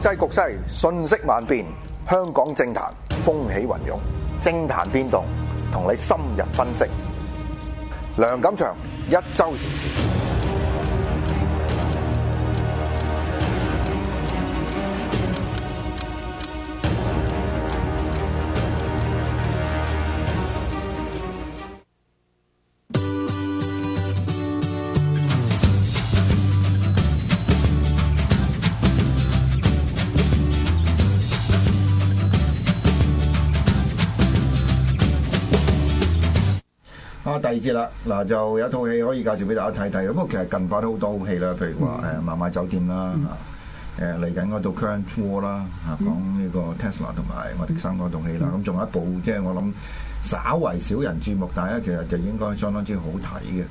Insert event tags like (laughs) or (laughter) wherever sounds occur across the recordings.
際局勢，瞬息萬變，香港政壇風起雲湧，政壇變動，同你深入分析。梁錦祥，一周時事。啦，嗱就有一套戲可以介紹俾大家睇睇。不過其實近排都好多好戲啦，譬如話誒漫漫酒店啦，誒嚟緊嗰套《啊、Current War、啊》啦，講呢個 Tesla 同埋愛迪生嗰套戲啦。咁、啊、仲有一部，即、就、係、是、我諗稍為少人注目，但係咧其實就應該相當之好睇嘅，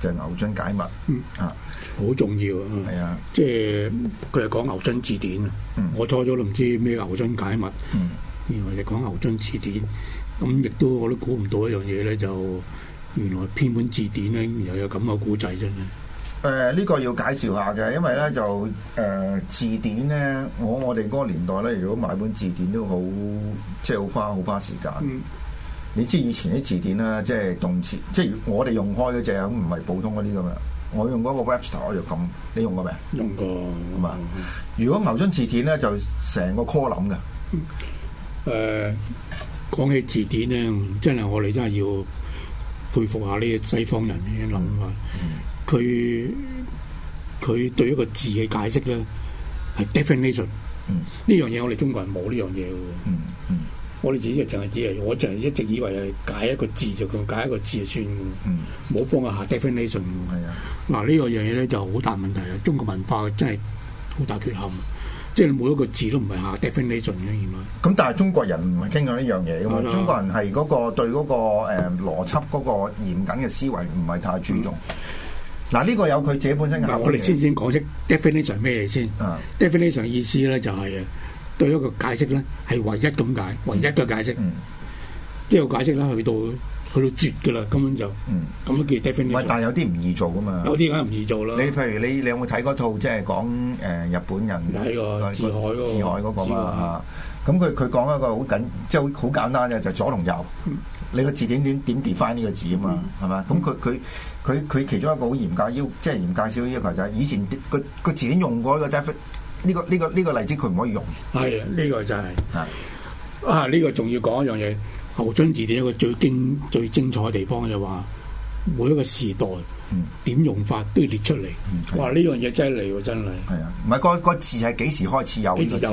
就係、是《牛津解密》嗯、啊，好重要。啊，係啊，即係佢係講牛津字典啊。我錯咗，都唔知咩《牛津解密》。嗯，原來你講牛津字典咁，亦都，都我都估唔到一樣嘢咧，就。就原來編本字典咧又有咁嘅古仔真係誒，呢、呃這個要介紹下嘅，因為咧就誒、呃、字典咧，我我哋嗰個年代咧，如果買本字典都好即係好花好花時間。嗯、你知以前啲字典咧，即係動詞，即係我哋用開咧，就係咁，唔係普通嗰啲咁樣。我用嗰個 Webster 就咁，你用過未？用過係嘛？是是嗯、如果牛津字典咧，就成個科林噶。誒、嗯，講、呃、起字典咧，真係我哋真係要。佩服下呢啲西方人嘅諗法！佢佢、嗯嗯、對一個字嘅解釋咧係 definition，呢樣嘢、嗯、我哋中國人冇呢樣嘢嘅喎。嗯嗯、我哋自己就淨係以為我就一直以為係解一個字就咁解一個字就算，冇幫我下 definition。嗱呢樣嘢咧就好大問題啊！中國文化真係好大缺陷。即係每一個字都唔係 definition 咁，咁但係中國人唔係傾緊呢樣嘢嘅嘛？啊、中國人係嗰個對嗰個誒邏輯嗰個嚴謹嘅思維唔係太注重。嗱、嗯，呢、啊呢個有佢自己本身。嗱、嗯，嗯、我哋先先講出 definition 咩先？啊、嗯、definition 嘅意思咧就係啊，對一個解釋咧係唯一咁解，唯一嘅解釋。即係個解釋啦，去到。去到絕㗎啦，根本就，咁都叫 define。但係有啲唔易做㗎嘛。有啲梗係唔易做啦。你譬如你，你有冇睇嗰套即係講誒日本人？嗱呢個志海嗰個志海嗰個嘛。咁佢佢講一個好緊，即係好好簡單啫，就左同右。你個字典點點 define 呢個字啊嘛？係咪？咁佢佢佢佢其中一個好嚴格，要即係嚴格少少嘅規則，就係以前佢個字典用過呢個 define，呢個呢個呢個例子佢唔可以用。係啊，呢個就係係啊，呢個仲要講一樣嘢。《牛津字典》一個最精最精彩嘅地方就話，每一個時代點用法都要列出嚟。嗯、哇！呢樣嘢真係嚟喎，真係。係啊，唔係嗰字係幾時開始有呢個字？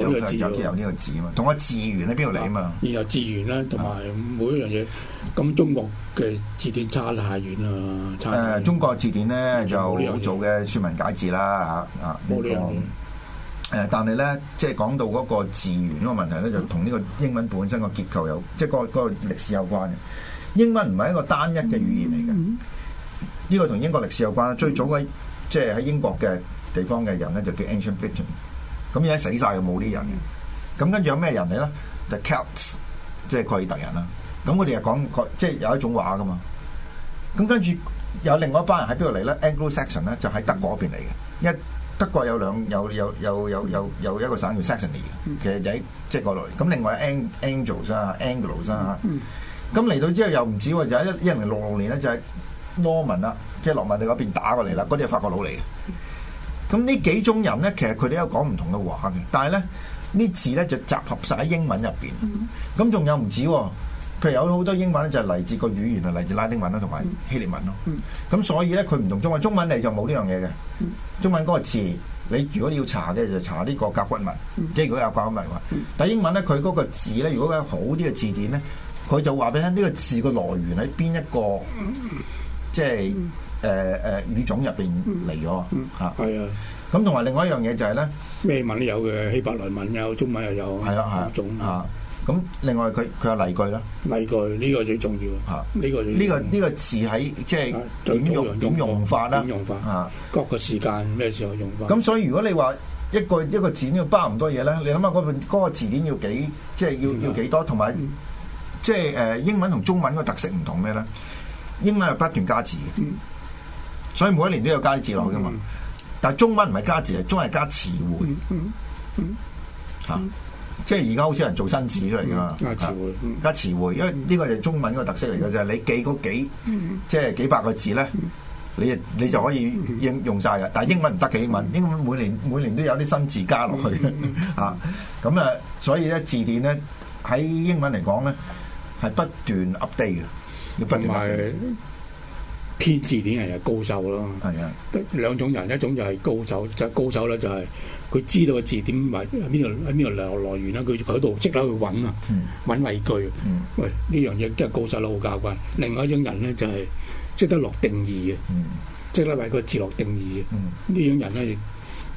有呢個字。同埋字源喺邊度嚟啊嘛？而由字源啦，同埋每一樣嘢，咁的、啊、中國嘅字典差太遠啦。誒、呃，中國字典咧就好做嘅，説文解字啦，吓啊。冇呢樣。誒，但係咧，即係講到嗰個字源嗰個問題咧，就同呢個英文本身個結構有，即係、嗰個、嗰個歷史有關嘅。英文唔係一個單一嘅語言嚟嘅，呢、mm hmm. 個同英國歷史有關啦。Mm hmm. 最早嘅，即係喺英國嘅地方嘅人咧，就叫 Ancient Britain，咁而家死晒，冇啲、mm hmm. 人嘅。咁跟住有咩人嚟咧就 The Celts 即係凱爾特人啦。咁我哋又講即係有一種話噶嘛。咁跟住有另外一班人喺邊度嚟咧？Anglo-Saxon 咧就喺德國嗰邊嚟嘅。一德國有兩有有有有有有一個省叫 Saxony 嘅，其實就喺即係過來。咁另外有 Angels 啊，Angels 啊，咁嚟到之後又唔止喎，就係一一零零六六年咧就係 Norman 啦，即係諾曼地嗰邊打過嚟啦，嗰啲係法國佬嚟嘅。咁呢幾種人咧，其實佢哋都有講唔同嘅話嘅，但係咧呢字咧就集合曬喺英文入邊。咁仲有唔止喎。譬如有好多英文就係嚟自個語言啊，嚟自拉丁文啦，同埋希臘文咯。咁所以咧，佢唔同中文，中文嚟就冇呢樣嘢嘅。中文嗰個字，你如果你要查嘅就查呢個甲骨文，即係如果有關文話。但英文咧，佢嗰個字咧，如果係好啲嘅字典咧，佢就話俾你聽呢個字嘅來源喺邊一個，即係誒誒語種入邊嚟咗啊。係啊。咁同埋另外一樣嘢就係咧，咩文都有嘅，希伯來文有，中文又有，係啊係啊種咁另外佢佢有例句啦，例句呢、呢個最重要嚇，呢個呢個呢個字喺即係點用點用法啦，嚇各個時間咩時候用法。咁、啊嗯、所以如果你話一個一個字典要包唔多嘢咧，你諗下嗰個字典要幾即係要要幾多？同埋即係誒英文同中文個特色唔同咩咧？英文係不斷加字，所以每一年都有加啲字落去嘅嘛。但係中文唔係加字，係中係加詞彙，嗯,嗯,嗯即係而家好少人做新字出嚟㗎嘛。加詞彙，加詞彙，嗯、因為呢個就中文個特色嚟嘅。就啫、係。你記嗰幾，嗯、即係幾百個字咧，你你就可以應用晒㗎。但係英文唔得嘅，英文英文每年每年都有啲新字加落去啊。咁啊、嗯嗯 (laughs) 嗯，所以咧字典咧喺英文嚟講咧係不斷 update 嘅，要不斷。不編字典人係高手咯，得兩的種人，一種就係高手，就係高手咧就係佢知道個字典埋喺邊度，喺邊度來來源咧，佢喺度即刻去揾啊，揾例、嗯、句。嗯、喂，呢樣嘢即係高手都好教慣。另外一種人咧就係識得落定義嘅，即刻咧為個字落定義嘅。呢、嗯、種人咧。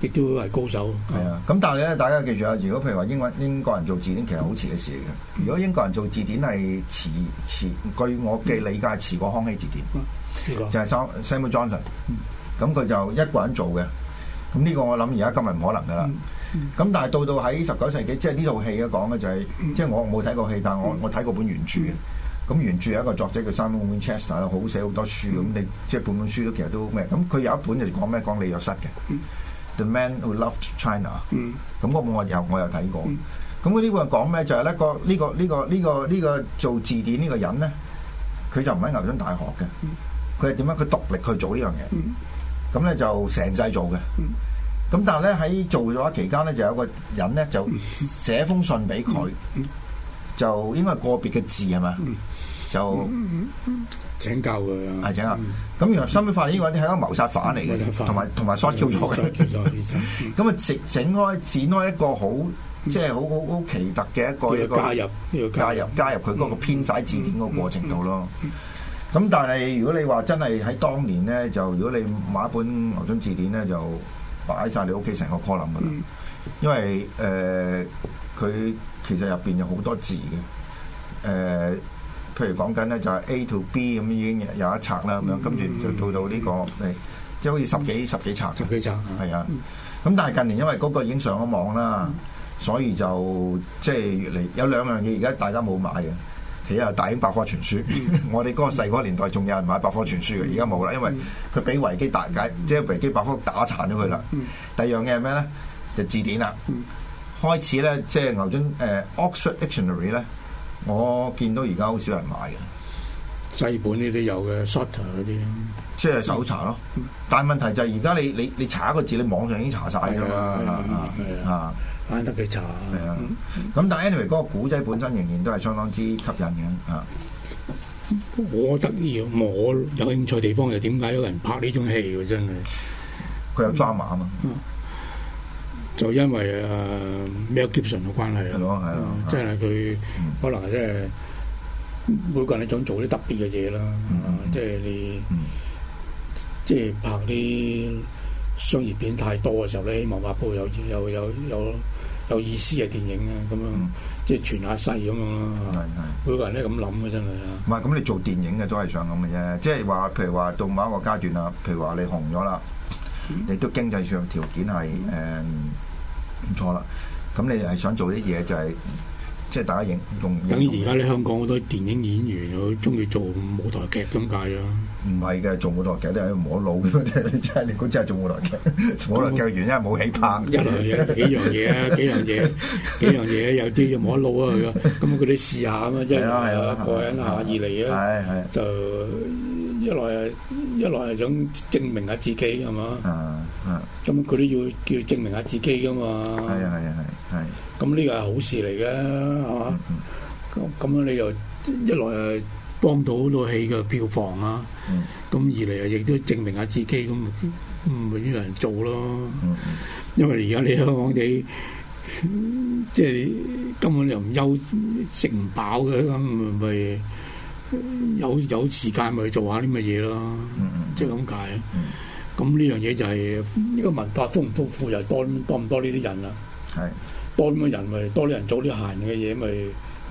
亦都係高手。係啊，咁、嗯、但係咧，大家記住啊，如果譬如話英國英國人做字典，其實好遲嘅事嚟嘅。如果英國人做字典係遲遲，據我嘅理解係遲過康熙字典。就係 Samuel Johnson。嗯。咁佢就，、嗯、就一個人做嘅。咁呢個我諗而家今日唔可能噶啦。咁、嗯嗯、但係到到喺十九世紀，即係呢套戲咧講嘅就係、是，即係、嗯、我冇睇過戲，但係我我睇過本原著嘅。咁、嗯嗯、原著有一個作者叫 Samuel Winchester 好寫好多書咁。你即係本本書都其實都咩？咁佢有，有一本就講咩？講李約瑟嘅。嗯 The man who loved China，咁嗰本我有，我有睇過。咁佢呢本係講咩？就係咧個呢個呢個呢個呢個做字典呢個人咧，佢就唔喺牛津大學嘅。佢係點樣？佢獨力去做呢樣嘢。咁咧就成世做嘅。咁但係咧喺做咗期間咧，就有個人咧就寫封信俾佢，嗯、就應該係個別嘅字係嘛？就請教佢啊，係請教。咁原來收尾發現呢個啲係一個謀殺犯嚟嘅，同埋同埋刷掉咗嘅。咁啊，整整開剪開一個好即係好好好奇特嘅一個一個加入加入加入佢嗰個編寫字典個過程度咯。咁但係如果你話真係喺當年咧，就如果你買一本牛津字典咧，就擺晒你屋企成個 column 咁啦。因為誒，佢其實入邊有好多字嘅，誒。譬如講緊咧就係 A to B 咁已經有一冊啦咁樣，跟住、嗯、就做到呢、這個，即係好似十幾十幾冊十幾冊係啊，咁但係近年因為嗰個已經上咗網啦，嗯、所以就即係越嚟有兩樣嘢，而家大家冇買嘅，其實大英百科全書。嗯、 (laughs) 我哋嗰個細個年代仲有人買百科全書嘅，而家冇啦，因為佢俾維基大解，即係維基百科打殘咗佢啦。第二樣嘢係咩咧？就字典啦，開始咧即係牛津誒、呃、Oxford Dictionary 咧。我見到而家好少人買嘅，紙本呢啲有嘅，Shorter 嗰啲，即係搜查咯。但係問題就係而家你你你查一個字，你網上已經查曬㗎嘛，啊，翻得幾查。係啊，咁但係 anyway 嗰個古仔本身仍然都係相當之吸引嘅，啊。我得意，我有興趣地方就點解有人拍呢種戲喎、啊？真係，佢有抓馬啊嘛。啊就因為啊 Mel Gibson 嘅關係咯，係咯，係咯，即係佢可能即係每個人都想做啲特別嘅嘢啦，即係你即係拍啲商業片太多嘅時候咧，希望拍部有有有有有意思嘅電影啊，咁樣即係傳下世咁樣咯。每個人都係咁諗嘅真係啊。唔係，咁你做電影嘅都係想咁嘅啫，即係話，譬如話到某一個階段啊，譬如話你紅咗啦，你都經濟上條件係誒。唔錯啦，咁你係想做啲嘢就係、是，即係大家認同。咁而家咧，香港好多電影演員佢鍾意做舞台劇咁解啊？唔係嘅，做舞台劇啲人冇得撈，你摸摸呵呵你真你估真係做舞台劇。舞 (laughs) 台劇那原因冇起拍，一嚟幾樣嘢啊，幾樣嘢， (laughs) 幾樣嘢，有啲冇得撈啊！咁咁佢哋試下啊嘛，即係，係啊，過癮下二嚟啊，係係，就一來就的一來係想證明下自己係嘛。咁佢、嗯、都要要證明下自己㗎嘛？係啊係啊係係。咁呢個係好事嚟嘅，係嘛？咁咁、嗯嗯、樣你又一來誒幫到好多戲嘅票房啊！咁二嚟又亦都證明下自己，咁咁咪有人做咯。嗯嗯、因為而家你香港你，你即係根本又唔休食唔飽嘅，咁咪有有時間咪做下啲乜嘢咯？即係咁解。嗯嗯嗯咁呢、嗯、樣嘢就係、是、呢、這個文化豐唔豐富，富，富，又多多唔多呢啲人啦、啊。係是多咁嘅人咪、就是、多啲人做啲閒嘅嘢咪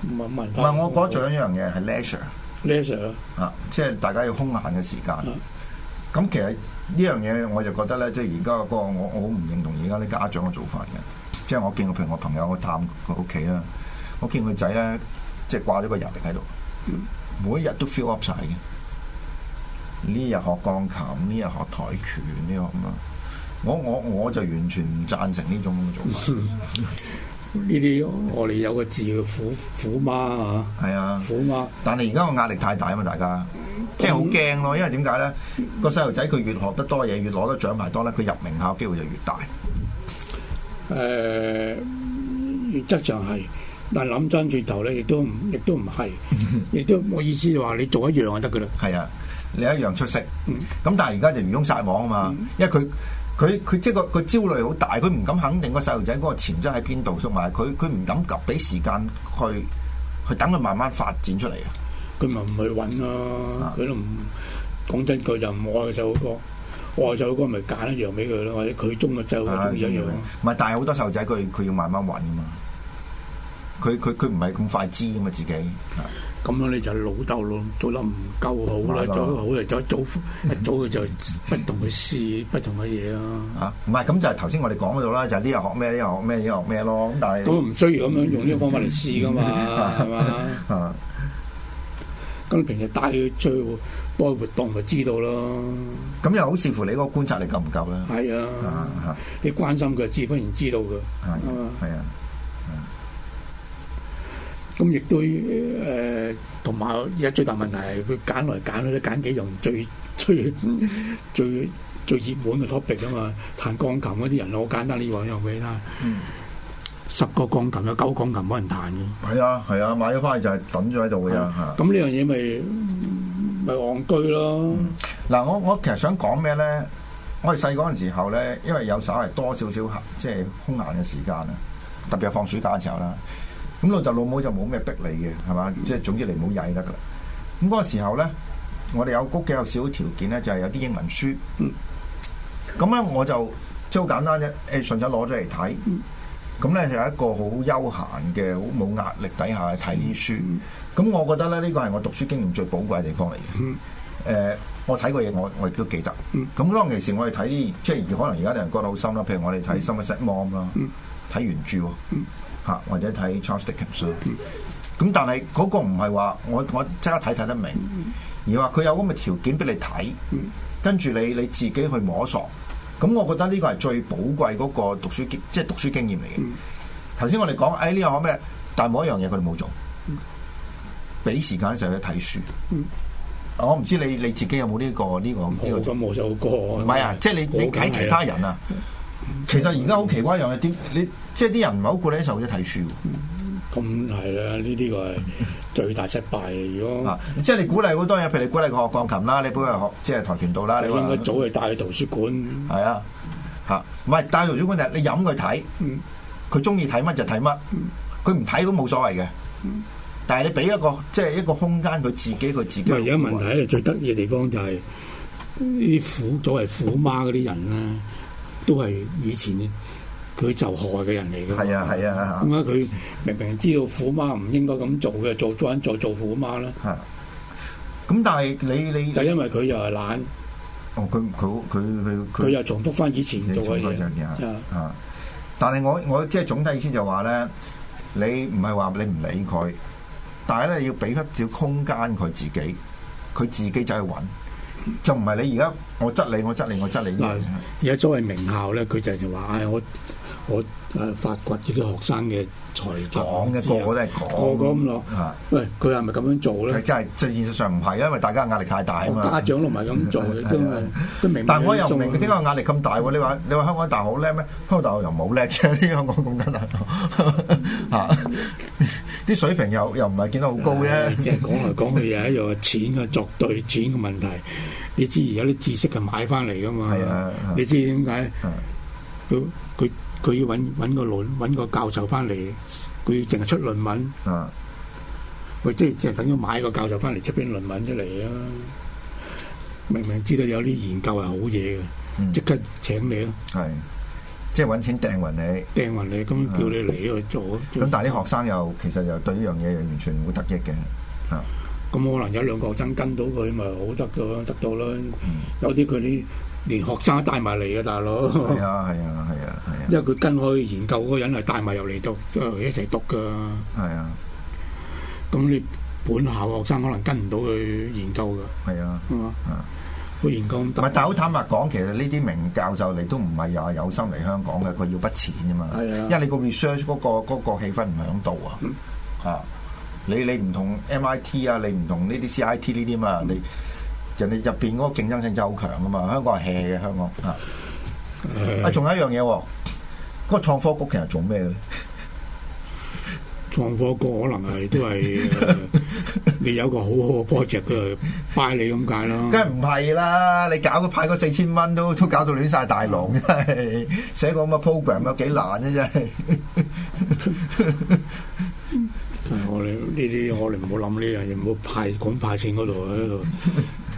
咁啊文化。唔係我覺得仲有一樣嘢係 leisure，leisure 啊，即係大家要空閒嘅時間。咁、啊啊、其實呢樣嘢我就覺得咧，即係而家個我我唔認同而家啲家長嘅做法嘅。即係我見過譬如我朋友我探佢屋企啦，我見佢仔咧即係掛咗個遊歷喺度，每一日都 fill up 晒嘅。呢日學鋼琴，呢日學跆拳，呢個咁啊！我我我就完全唔贊成呢種咁嘅做法。呢啲 (laughs) 我哋有個字叫虎虎媽啊，係啊，虎媽。但係而家個壓力太大啊嘛，大家即係好驚咯。因為點解咧？個細路仔佢越學得多嘢，越攞得獎牌多咧，佢入名校機會就越大。誒、呃，原則上係，但諗爭諗返轉頭咧，亦都唔，亦 (laughs) 都唔係，亦都我意思就話你做一樣就得噶啦。係啊。你一樣出色，咁但係而家就唔用晒網啊嘛，因為佢佢佢即係個個焦慮好大，佢唔敢肯定個細路仔嗰個潛質喺邊度，同埋佢佢唔敢及俾時間去佢等佢慢慢發展出嚟啊！佢咪唔去搵咯，佢都唔講，真句就唔愛細佬哥，愛細佬哥咪揀一樣俾佢咯，或者佢中嘅就中一樣咯。唔係，但係好多細路仔佢佢要慢慢搵啊嘛，佢佢佢唔係咁快知啊嘛自己。咁樣你就老豆咯，做得唔夠好啦，吧做得好就再早一早就不同去試，不同嘅嘢啊！嚇唔係咁就係頭先我哋講嗰度啦，就呢、日、又學咩，呢又學咩，呢又學咩咯。但係都唔需要咁樣用呢個方法嚟試噶嘛，係嘛？啊！咁平日帶佢去做多啲活動咪知道咯。咁又好視乎你嗰個觀察力夠唔夠啦。係啊，你關心佢，自不然知道噶。係吧啊，係啊。.咁亦、嗯、都誒，同埋而家最大問題係佢揀來揀去都揀幾樣最最最最熱門嘅 topic 啊嘛，彈鋼琴嗰啲人好簡單呢樣嘢啦。嗯，十個鋼琴有九個鋼琴冇人彈嘅。係啊，係啊，買咗翻去就係抌咗喺度㗎啦。咁呢、啊、樣嘢咪咪戇居咯。嗱、嗯嗯嗯，我我其實想講咩咧？我哋細嗰陣時候咧，因為有稍微多少少，少即係空閒嘅時間啊，特別係放暑假嘅時候啦。咁老就老母就冇咩逼你嘅，係嘛？Mm. 即係總之你唔好曳得噶啦。咁、那、嗰個時候咧，我哋有屋企有少條件咧，就係、是、有啲英文書。咁咧、mm. 我就即好簡單啫，誒順手攞咗嚟睇。咁咧、mm. 就有一個好悠閒嘅、好冇壓力底下去睇啲書。咁、mm. 我覺得咧，呢個係我讀書經驗最寶貴嘅地方嚟嘅。誒、mm. 呃，我睇過嘢，我我亦都記得。咁、mm. 當其時我哋睇，即係可能而家啲人覺得好深啦，譬如我哋睇《心裏色魔》啦，睇原著。或者睇 Charles Dickens 咁，但係嗰個唔係話我我即刻睇睇得明，而話佢有咁嘅條件俾你睇，跟住你你自己去摸索。咁我覺得呢個係最寶貴嗰個讀書經，即係讀書經驗嚟嘅。頭先我哋講誒呢樣可咩，但係冇一樣嘢佢哋冇做，俾時間就去睇書。我唔知你你自己有冇呢個呢個呢個？我冇做過。唔係啊，即係你你睇其他人啊。其實而家好奇怪，一樣嘢即係啲人唔係好過叻，就去睇書。咁係啦，呢啲個係最大失敗。如果即係你鼓勵好多嘢，譬如你鼓勵佢學鋼琴啦，你鼓勵佢學即係跆拳道啦，你應該早去帶去圖書館。係啊，吓唔係帶去圖書館就你引佢睇，佢中意睇乜就睇乜，佢唔睇都冇所謂嘅。但係你俾一個即係一個空間，佢自己佢自己。而家問題咧，最得意嘅地方就係呢啲苦作為虎媽嗰啲人咧。都係以前佢就害嘅人嚟嘅，係啊係啊，咁啊佢、啊、明明知道虎媽唔應該咁做嘅，做咗人再做虎媽啦。嚇！咁、啊、但係你你，但因為佢又係懶。哦，佢佢佢佢佢又重複翻以前做嘅嘢。啊啊，啊！但係我我即係總體意思就話咧，你唔係話你唔理佢，但係咧要俾得少空間佢自己，佢自己就去揾。就唔係你而家我質你我質你我質，你而家作為名校咧，佢就就話，唉、哎，我我誒發掘啲學生嘅才華嘅，個個都係講個個咁咯。啊的，喂，佢係咪咁樣做咧？佢真係，即係現實上唔係，因為大家壓力太大啊嘛。家長都唔係咁做，的都的都明，明。但我又唔明佢點解壓力咁大？你話你話香港大學好叻咩？香港大學又唔好叻啫，啲香港公家大學啊。 (laughs) (laughs) 啲水平又又唔係見得好高啫、哎，講嚟講去又係一個錢嘅作對錢嘅問題。你知而家啲知識係買翻嚟噶嘛？啊啊、你知點解？佢佢佢要揾揾個論揾個教授翻嚟，佢要淨係出論文。喂、啊，即係即係等於買個教授翻嚟出篇論文出嚟啊！明明知道有啲研究係好嘢嘅，即、嗯、刻請你。即係搵錢掟匀你，掟匀你，咁叫你嚟去、嗯、做。咁但係啲學生又其實又對呢樣嘢又完全唔會得益嘅。吓、嗯，咁可能有兩個學生跟到佢，咪好得嘅，得到啦。有啲佢啲連學生都帶埋嚟嘅大佬。係啊係啊係啊係啊。啊啊啊因為佢跟佢研究嗰個人係帶埋入嚟讀，一齊讀噶。係啊。咁你本校學生可能跟唔到佢研究噶。係啊。固然高，唔係，但係好坦白講，其實呢啲名教授你都唔係又話有心嚟香港嘅，佢要筆錢啊嘛。係啊，因為你個 research 嗰個嗰個氣氛唔響度啊。嗯。嚇！你你唔同 MIT 啊，你唔同呢啲 CIT 呢啲嘛？你人哋入邊嗰個競爭性就好強啊嘛？香港係 hea 嘅香港嚇。係。啊，仲有一樣嘢，嗰個創科局其實做咩嘅咧？創科局可能係都係。 (laughs) 你有個好好嘅 project 佢 buy 你咁解咯？梗係唔係啦！你搞個派個四千蚊都都搞到亂晒大龍，真係寫個咁嘅 program 有幾難啫？真係我哋呢啲，我哋唔好諗呢樣嘢，唔好派管派錢嗰度喺度，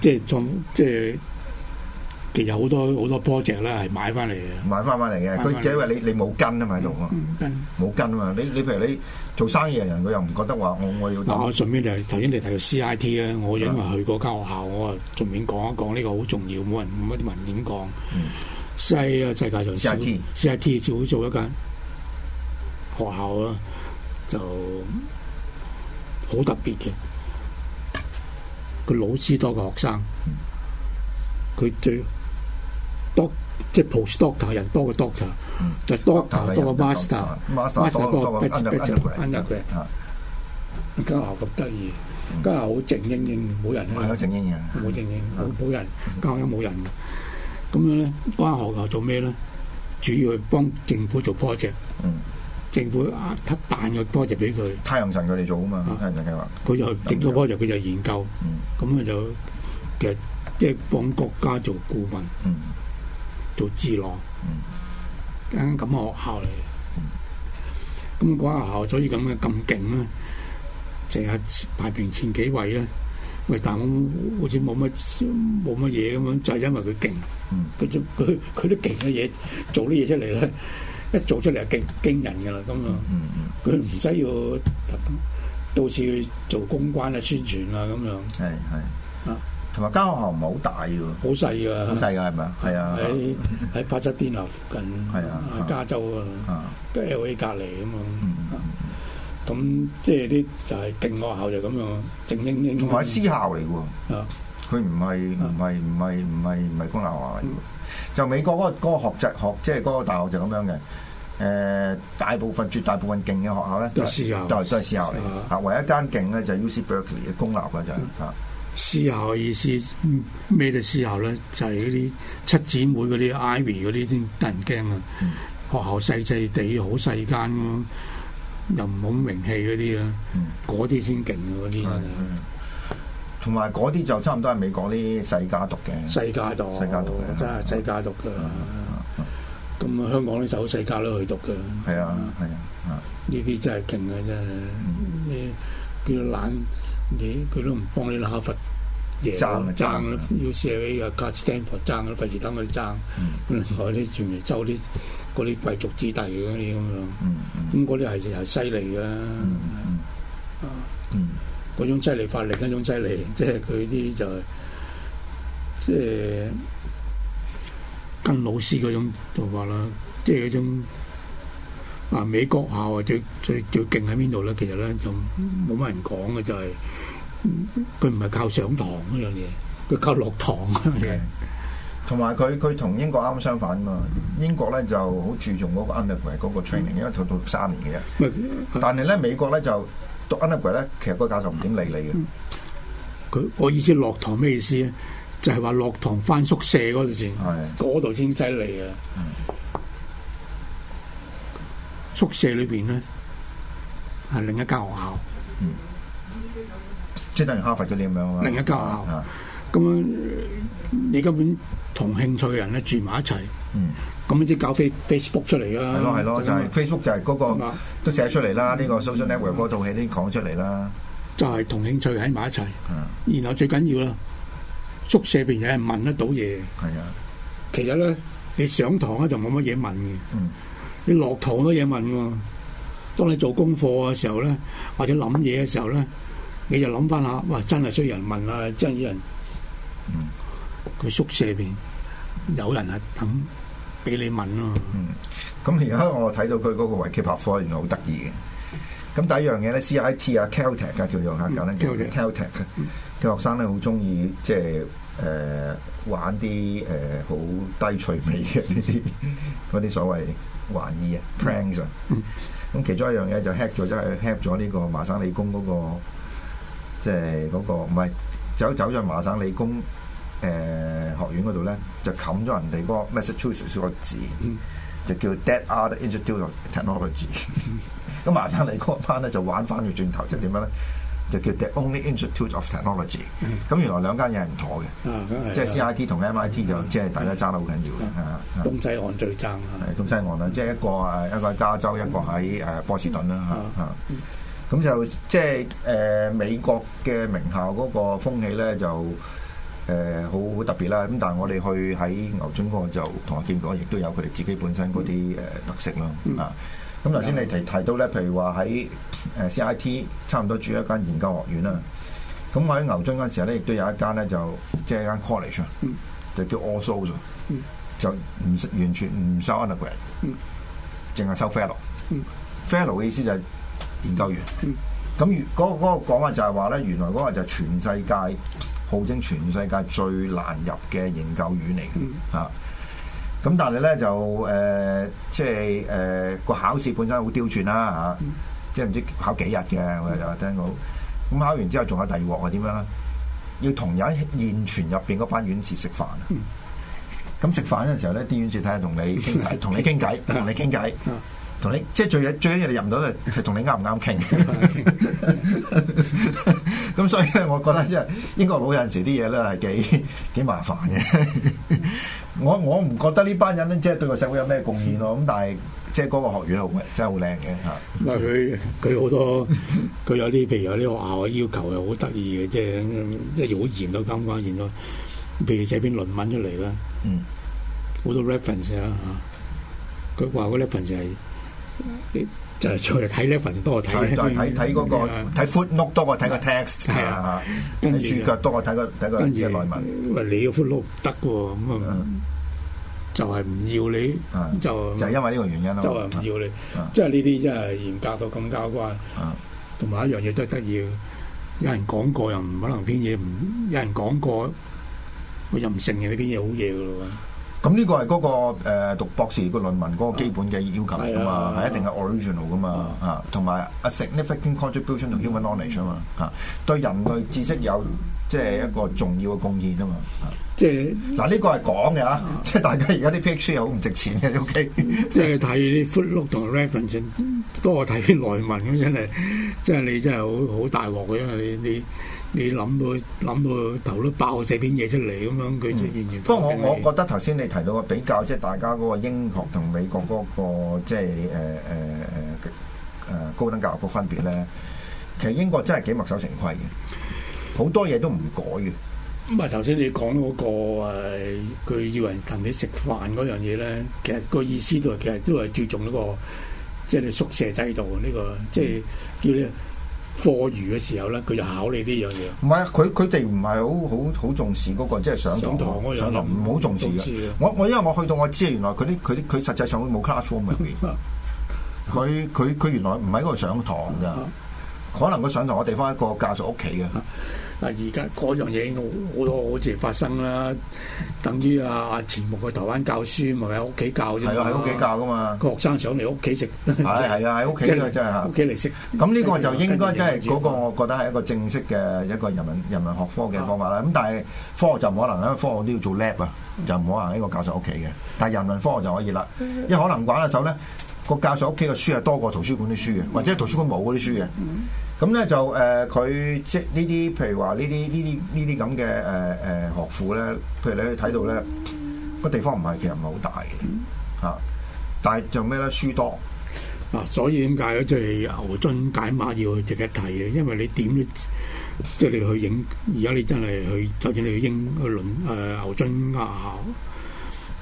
即係裝即係。其實好多好多 project 咧係買翻嚟嘅，買翻翻嚟嘅。佢即係話你你冇跟啊嘛喺度，冇、嗯、跟啊嘛。你你譬如你做生意嘅人，佢又唔覺得話我我要。嗱我順便就係頭先你提到 CIT 啊，我因為去嗰間學校，的我啊順便講一講呢、這個好重要，冇人冇乜啲人點講。細啊，嗯、世界就少。CIT，CIT 只會做一間學校啊，就好特別嘅。個老師多過學生，佢最。d o 即係 post doctor 人多過 doctor，就 doctor 多過 master，master 多 budget budget budget 嘅。而家學校咁得意，家校好靜靜靜，冇人啊！冇靜靜，冇冇人，家下都冇人。咁樣咧，翻學校做咩咧？主要去幫政府做 project。政府啊，彈個 project 俾佢。太陽神佢哋做啊嘛，太陽神計劃。佢就整咗 project，佢就研究。嗯。咁啊就其實即係幫國家做顧問。做智囊，啱啱咁嘅學校嚟，咁嗰、嗯、學校所以咁嘅咁勁咧，成、就、日、是、排名前幾位咧，喂，但係我好似冇乜冇乜嘢咁樣，就係、是、因為佢勁，佢做佢佢啲勁嘅嘢，做啲嘢出嚟咧，一做出嚟就勁驚人㗎啦，咁啊，佢唔使要到處去做公關啊、宣傳啊咁樣。係係、嗯。啊、嗯！嗯。同埋間學校唔係好大嘅喎，好細㗎，好細㗎係咪啊？喺喺八七天樓附近，係啊，加州啊，跟可以隔離咁樣。咁、啊啊、即係啲就係勁學校就咁樣，精英精英。同埋私校嚟嘅喎，佢唔係唔係唔係唔係唔係公立學校嚟嘅，啊、就美國嗰、個嗰、個學術學即係嗰個大學就咁樣嘅。誒、呃，大部分絕大部分勁嘅學校咧都係私校，都係都係私校嚟。啊，唯一間勁咧就 U C Berkeley 嘅公立嗰陣嚇。嗯私校嘅意思咩都私校咧，就係嗰啲七姊妹嗰啲 Ivy 嗰啲先得人驚啊！學校細細地，好細間咯，又唔好名氣嗰啲啊，嗰啲先勁啊，嗰啲。同埋嗰啲就差唔多係美國啲世家讀嘅，世家讀，世家讀，真係世家讀噶。咁香港咧就去世家都去讀噶，係啊，係啊，呢啲真係勁啊，真係，叫懶。欸、你佢都唔幫啲哈佛嘢、啊、爭啦、啊，要射俾個卡斯汀博爭啦、啊，費事、啊啊、等佢爭、啊。咁我啲全要周啲嗰啲貴族子弟嗰啲咁樣，咁嗰啲係係犀利㗎。啊，嗰、嗯嗯啊、種犀利法力，嗰種犀利，即係佢啲就係即係跟老師嗰種做法啦，即係嗰種。就是啊！美國校啊，最最最勁喺邊度咧？其實咧就冇乜人講嘅，就係佢唔係靠上堂嗰樣嘢，佢靠落堂嗰樣嘢。同埋佢佢同英國啱啱相反啊嘛！英國咧就好注重嗰個 undergrad 嗰個 training，因為讀到三年嘅啫。但係咧美國咧就讀 undergrad 咧，其實個教授唔點理你嘅。佢我意思落堂咩意思啊？就係話落堂翻宿舍嗰陣時，嗰度先真係理啊！宿舍裏邊咧，係另一間學校，嗯，即係等於哈佛啲咁樣另一間學校，咁你根本同興趣嘅人咧住埋一齊，咁啲搞 Facebook 出嚟啊，係咯係咯，就係 Facebook 就係嗰個都寫出嚟啦，呢個 social network 嗰套戲已經講出嚟啦，就係同興趣喺埋一齊，然後最緊要啦，宿舍入邊有人問得到嘢，係啊，其實咧你上堂咧就冇乜嘢問嘅，嗯。你落堂都嘢問嘅，啊，當你做功課嘅時候咧，或者諗嘢嘅時候咧，你就諗翻下，哇！真係需要人，問，人，嗯、人問啊，真係要人，嗯，佢宿舍邊有人啊，等俾你問咯。咁而家我睇到佢嗰個維基百科原來好得意嘅。咁第一樣嘢咧，CIT 啊 Caltech 啊，ic，叫做客教單 Caltech 嘅學生咧，好中意即係誒玩啲誒好低趣味嘅呢啲嗰啲所謂。華裔啊 pranks 啊咁其中一樣嘢就 hack 咗，即、就、係、是、hack 咗呢個麻省理工嗰、那個，即係嗰個唔係走走咗麻省理工誒、呃、學院嗰度咧，就冚咗人哋嗰個 Massachusetts 個字，就叫 dead art institute technology。咁 (laughs) 麻省理工班咧就玩翻佢轉頭，即係點樣咧？就叫 The Only Institute of Technology，咁原來兩間嘢係唔妥嘅，即係 CIT 同 MIT 就即係大家爭得好緊要嘅。啊，東西岸最爭啦，東西岸啦，即係一個啊一個喺加州，一個喺誒波士頓啦嚇，咁就即係誒美國嘅名校嗰個風氣咧就誒好好特別啦。咁但係我哋去喺牛津嗰個就同我見過，亦都有佢哋自己本身嗰啲誒特色啦啊。咁頭先你提提到咧，譬如話喺誒 CIT 差唔多住一間研究學院啦。咁喺牛津嗰陣時咧，亦都有一間咧就即係一間 college，啊，就，是嗯、就叫 All Souls、嗯、就唔完全唔收 undergrad，淨係、嗯、收 fellow、嗯。fellow 嘅意思就係研究員。咁嗰嗰個講法、那個、就係話咧，原來嗰個就全世界號稱全世界最難入嘅研究院嚟嘅嚇。嗯嗯咁但係咧就誒、呃，即係誒個考試本身好刁鑽啦嚇、啊，即係唔知考幾日嘅，又就聽講。咁考完之後仲有第二鑊，點樣咧？要同入喺現存入邊嗰班院士食飯。咁食、嗯嗯、飯嗰陣時候咧，啲院士睇下同你傾，同 (laughs) 你傾偈，同你傾偈，同 (laughs) 你即係最，最最緊要你入唔到去，佢同你啱唔啱傾。咁所以咧，我覺得即係英國佬有陣時啲嘢咧係幾幾，幾麻煩嘅。 (laughs) 我我唔覺得呢班人咧，即係對個社會有咩貢獻咯。咁但係，即係嗰個學院真係好靚嘅嚇。佢佢好多，佢有啲譬如有啲學校嘅要求係好得意嘅，即係一好嚴到金剛線咯。譬如寫篇論文出嚟啦，嗯，啊，好多 reference 啊嚇。佢話嗰 reference 係。就係再睇呢份多睇，睇睇嗰個睇 footnote 多過睇個 text，跟住腳多過睇個睇個內文。咁啊，你個 footnote 唔得喎，咁就係唔要你，就就係因為呢個原因咯。就係唔要你，即係呢啲真係嚴格到咁交關。同埋一樣嘢都係得意，有人講過又唔可能篇嘢，唔有人講過，我又唔承認呢篇嘢好嘢㗎咯。咁呢、嗯那個係嗰個誒讀博士個論文嗰個基本嘅要求嚟噶嘛，係、哎、呀一定係 original 噶嘛、哎、呀嘛，啊，同埋 a significant contribution to human knowledge 啊嘛，嚇對人類知識有即係一個重要嘅貢獻啊嘛，即係嗱呢個係講嘅嚇，啊啊、即係大家而家啲 PhD 好唔值錢嘅，O K，即係睇啲 footnote 同 reference，多睇啲內文咁真係，即係你真係好好大鑊嘅，因為你你。你你你諗到諗到頭都爆，寫篇嘢出嚟咁樣，佢就完全。不過、嗯、我我覺得頭先你提到個比較，即係大家嗰個英國同美國嗰、那個即係誒誒誒高等教育嗰分別咧，其實英國真係幾墨守成規嘅，好多嘢都唔改嘅。咁、嗯那個、啊，頭先你講嗰個誒，佢要人同你食飯嗰樣嘢咧，其實個意思都係其實都係注重嗰、那個即係你宿舍制度呢、這個，即、就、係、是、叫你。課餘嘅時候咧，佢就考你呢樣嘢。唔係啊，佢佢哋唔係好好好重視嗰個，即係上堂上堂唔好重視嘅。我我因為我去到我知，原來佢啲佢啲佢實際上冇 classroom 入邊。佢佢佢原來唔喺嗰度上堂噶。 (laughs) 可能佢上堂嘅地方喺一個教授屋企嘅。 (laughs) 啊！而家嗰樣嘢已經好多好似發生啦。等於啊啊，錢穆去台灣教書，咪喺屋企教啫係啊，喺屋企教噶嘛。學生想嚟屋企食。係係 (laughs) 啊，喺屋企㗎真係是。屋企嚟食。咁呢個就應該真係嗰個，我覺得係一個正式嘅一個人民、人文學科嘅方法啦。咁、啊、但係科學就唔可能啦，因為科學都要做 lab 啊，就唔可能喺個教授屋企嘅。但係人文科學就可以啦，因為可能玩下手咧，個教授屋企嘅書係多過圖書館啲書嘅，或者圖書館冇嗰啲書嘅。嗯嗯咁咧就誒佢、呃、即呢啲，譬如話呢啲呢啲呢啲咁嘅誒誒學府咧，譬如你去睇到咧，個地方唔係其實唔係好大嘅嚇、嗯啊，但係就咩咧書多啊，所以點解咧即係牛津解碼要去值得睇嘅？因為你點即係你去影，而家你真係去，就算你去英去倫誒牛津啊，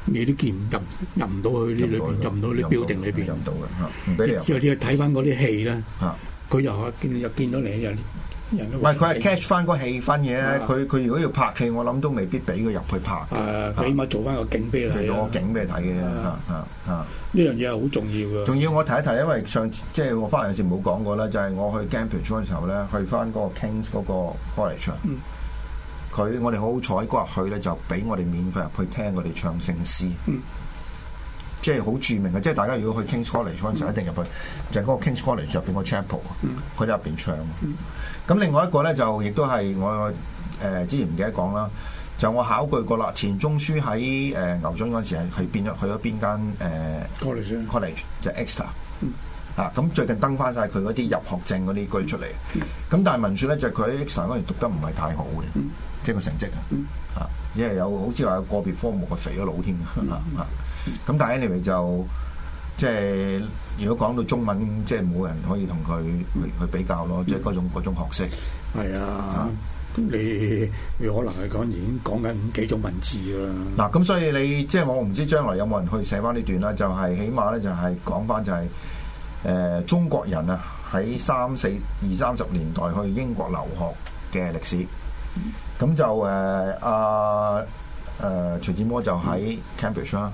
你都見唔入入唔到去呢裏邊，入唔到啲標定裏邊，入唔到嘅嚇。你要睇翻嗰啲戲咧嚇。佢又見又見到你又人都唔係，佢係 catch 翻個氣氛嘅，佢佢如果要拍戲，我諗都未必俾佢入去拍。誒，起碼做翻個景俾佢，做個景俾佢睇嘅嚇嚇嚇。呢樣嘢係好重要㗎。仲要我提一提，因為上次即係我翻嚟有時冇講過啦，就係我去 Cambridge 嘅時候咧，去翻嗰個 Kings 嗰個玻璃牆。嗯。佢我哋好好彩嗰日去咧，就俾我哋免費入去聽佢哋唱聖詩。即係好著名嘅，即係大家如果去 King’s College 嗰陣，一定入去就係、是、嗰個 King’s College 入邊個 Chapel 啊，佢哋入邊唱。咁另外一個咧就亦都係我誒、呃、之前唔記得講啦，就我考據過啦，錢鍾書喺誒牛津嗰陣時係去邊入去咗邊間誒？College College 就 Exeter、嗯、啊！咁最近登翻晒佢嗰啲入學證嗰啲句出嚟。咁但係文書咧就佢、是、喺 Exeter 嗰陣讀得唔係太好嘅、嗯啊，即係個成績啊，因為有好似話有個別科目係肥咗腦添咁但係，anyway 就即係如果講到中文，即係冇人可以同佢去去比較咯，嗯、即係嗰種嗰種學識。係啊、哎呀，嗯、你你可能係講已經講緊幾種文字啊。嗱，咁所以你即係我唔知將來有冇人去寫翻呢段啦，就係、是、起碼咧就係講翻就係、是、誒、呃、中國人啊喺三四二三十年代去英國留學嘅歷史。咁、嗯、就誒阿誒徐志摩就喺 Cambridge 啦。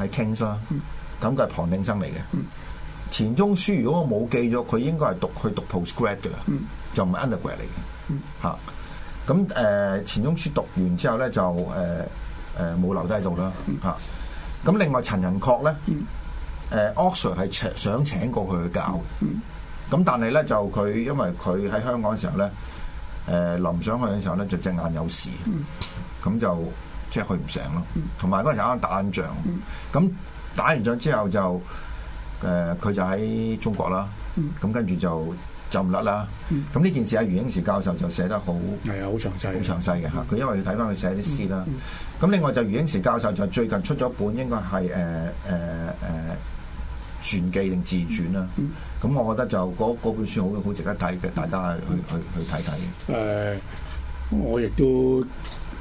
係 Kings 啦，咁佢係旁定生嚟嘅。錢鍾、嗯、書如果我冇記錯，佢應該係讀去讀 postgrad 嘅啦，就唔係 undergrad 嚟嘅。嚇、嗯，咁誒錢鍾書讀完之後咧就誒誒冇留低喺度啦。嚇、啊，咁另外陳仁確咧，誒 Oxford 係想請過佢去教嘅。咁、嗯啊、但係咧就佢因為佢喺香港嘅時候咧，誒、呃、臨上去嘅時候咧就隻眼有事，咁就、嗯。嗯即係去唔成咯，同埋嗰陣時啱啱打緊仗，咁打完仗之後就誒，佢、呃、就喺中國啦。咁跟住就就唔甩啦。咁呢件事，阿余英時教授就寫得好，係啊、嗯，好詳細，好詳細嘅嚇。佢因為要睇翻佢寫啲詩啦。咁另外就余英時教授就最近出咗一本，應該係誒誒誒《傳、呃呃、記》定自傳啦。咁我覺得就嗰本書好，好值得睇嘅，大家去去去睇睇。誒、嗯嗯呃，我亦都。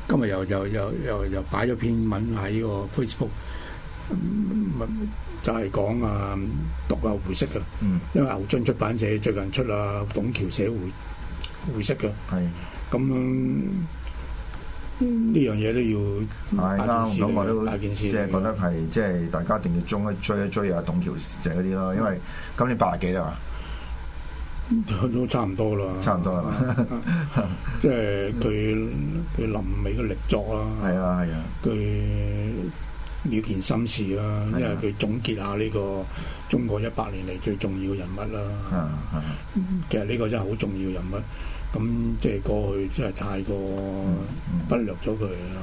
今日又又又又又擺咗篇文喺個 Facebook，就係講啊讀啊胡適嘅，因為牛津出版社最近出啊董橋社會胡適嘅，咁呢樣嘢都要。係啱，我都件事，即係覺得係即係大家一定要追一追一追啊董橋社嗰啲咯，因為今年八廿幾啦嘛。都差唔多啦，差唔多係 (laughs) 即係佢佢臨尾嘅力作啦，係啊係啊，佢了件心事啦， (laughs) 因為佢總結下呢個中國一百年嚟最重要嘅人物啦，其實呢個真係好重要嘅人物，咁 (laughs) 即係過去真係太過忽略咗佢啊，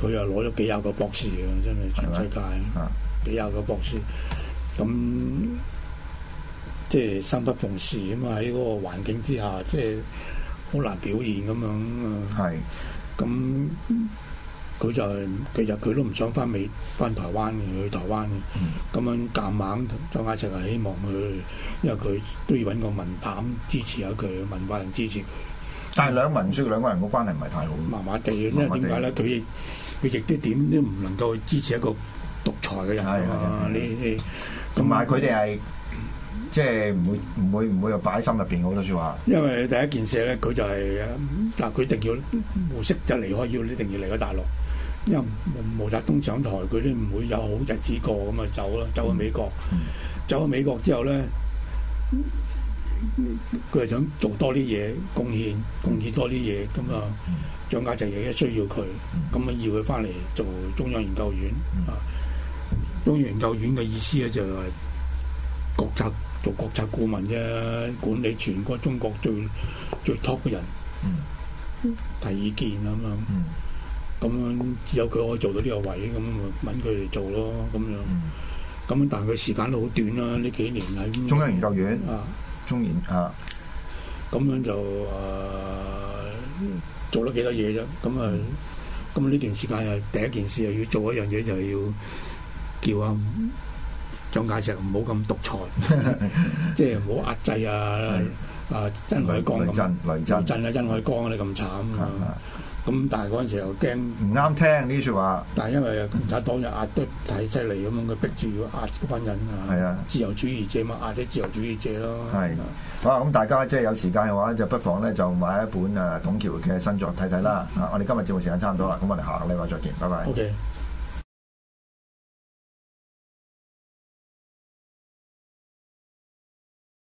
佢 (laughs) (laughs) 又攞咗幾廿個博士啊，真係全世界， (laughs) 幾廿個博士，咁。即係生不逢時啊喺嗰個環境之下，即係好難表現咁樣啊。係。咁佢就其實佢都唔想翻美翻台灣去台灣嘅。咁樣夾硬，蔣介石又希望佢，因為佢都要搵個文膽支持下佢，文化人支持佢。但係兩民雖然兩個人嘅關係唔係太好。麻麻地，因為點解咧？佢佢亦都點都唔能夠支持一個獨裁嘅人係嘛？呢啲同埋佢哋係。即係唔會唔會唔會又擺喺心入邊好多説話。因為第一件事咧，佢就係、是、嗱，佢一定要胡適就離開，要你一定要離開大陸。因為毛，毛澤東上台，佢都唔會有好日子過，咁啊走啦，走去美國。嗯、走去美國之後咧，佢係想做多啲嘢，貢獻貢獻多啲嘢。咁啊，蔣介石亦都需要佢，咁啊、嗯、要佢翻嚟做中央研究院啊、嗯嗯。中央研究院嘅意思咧就係國策。做國策顧問啫，管理全個中國最最 top 嘅人，嗯、提意見咁、嗯、樣。只有佢可以做到呢個位，咁咪揾佢嚟做咯。咁樣咁、嗯、但係佢時間都好短啦，呢幾年係中央研究院啊，中研啊，咁樣就、呃、做咗幾多嘢啫。咁啊，咁呢段時間係第一件事係要做一樣嘢，就係要叫阿。嗯蔣介石唔好咁獨裁，即係唔好壓制啊！啊，蔣海光咁，雷震、雷震啊，蔣海光咧咁慘啊！咁但係嗰陣時又驚唔啱聽呢啲説話，但係因為共產黨又壓得太犀利咁樣，佢逼住要壓嗰班人啊！係啊，自由主義者嘛，壓啲自由主義者咯。係，好啊！咁大家即係有時間嘅話，就不妨咧就買一本誒董橋嘅新作睇睇啦。啊，我哋今日節目時間差唔多啦，咁我哋下個禮拜再見，拜拜。OK。